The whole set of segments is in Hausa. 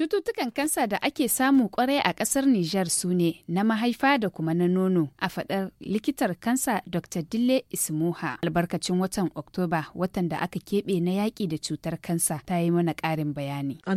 Cututtukan kansa da ake samu kwarai a ƙasar Nijar su ne na mahaifa da kuma na nono a faɗar likitar kansa Dr. Dille Ismuha albarkacin watan Oktoba watan da aka keɓe na yaƙi da cutar kansa ta yi mana ƙarin bayani. A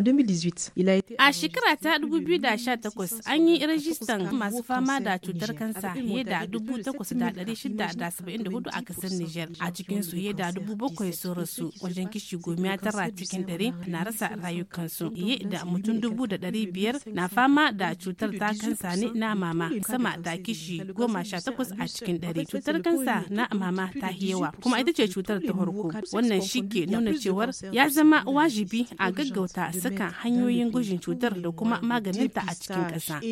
shekara ta 2018 an yi rajistan masu fama da cutar kansa fiye da 8,674 a kasar Nijar a cikin su fiye da 7,000 sun rasu wajen kishi goma tara cikin dare na rasa rayukansu da mutum mutum dubu da dari biyar na fama da cutar ta kansa ne na mama sama da kishi goma sha takwas a cikin ɗari cutar kansa na mama ta yawa kuma ita ce cutar ta farko wannan shi ke nuna cewar ya zama wajibi a gaggauta saka hanyoyin gujin cutar da kuma maganinta a cikin ƙasa.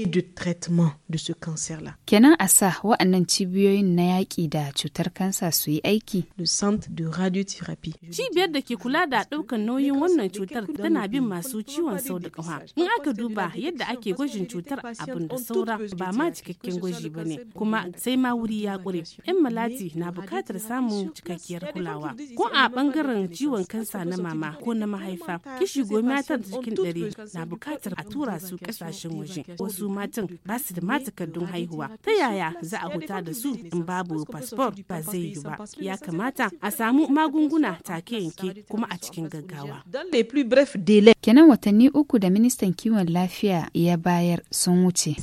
Kenan a sa wa'annan cibiyoyin na yaƙi da cutar kansa su yi aiki. Cibiyar da ke kula da ɗaukar nauyin wannan cutar tana bin masu ciwon sau da ƙafa haihuwa in aka duba yadda ake gwajin cutar abin da saura ba ma cikakken gwaji ba ne kuma sai ma wuri ya ƙure yan malati na bukatar samun cikakkiyar kulawa ko a bangaren ciwon kansa na mama ko na mahaifa kishi goma ta cikin dare na bukatar a tura su kasashen waje wasu matan ba su da matakardun haihuwa ta yaya za a huta da su in babu fasfor ba zai yi ba ya kamata a samu magunguna take yanke kuma a cikin gaggawa kenan watanni uku da ministan kiwon lafiya ya bayar sun wuce.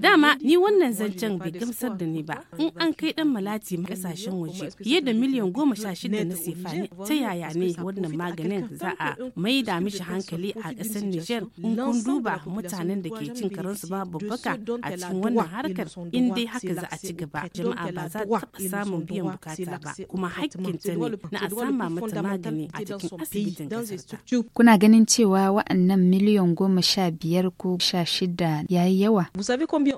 Dama ni wannan zancen bai gamsar da ni ba. In an kai dan malati kasashen waje fiye da miliyan goma sha shida na sefani ta yaya ne wannan maganin za a mai da mishi hankali a kasar Nijar in kun duba mutanen da ke cin karansu babu baka a cikin wannan harkar in dai haka za a ci gaba jama'a ba za ta taɓa samun biyan bukata ba kuma ta ne na a sama mata magani a cikin asibitin Kuna ganin cewa waɗannan miliyan goma sha biyar ko sha shida ya yi yawa.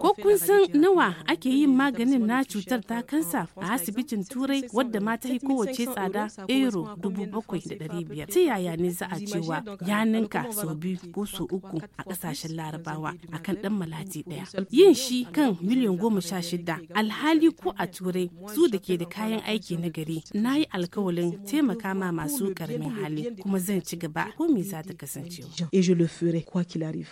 Ko kun san nawa ake yin maganin na cutar ta kansa a asibitin Turai wadda ma ta yi kowace tsada euro dubu bakwai da ɗari biyar. Ta yaya ne za a cewa ya ninka sau biyu ko sau uku a ƙasashen larabawa a kan ɗan malati ɗaya. Yin shi kan miliyan goma sha shida alhali ko a Turai su da ke da kayan aiki na gari na yi alkawalin taimaka ma masu ƙaramin hali kuma zan ci gaba ko me za ta kasancewa. ferai quoi qu'il arrive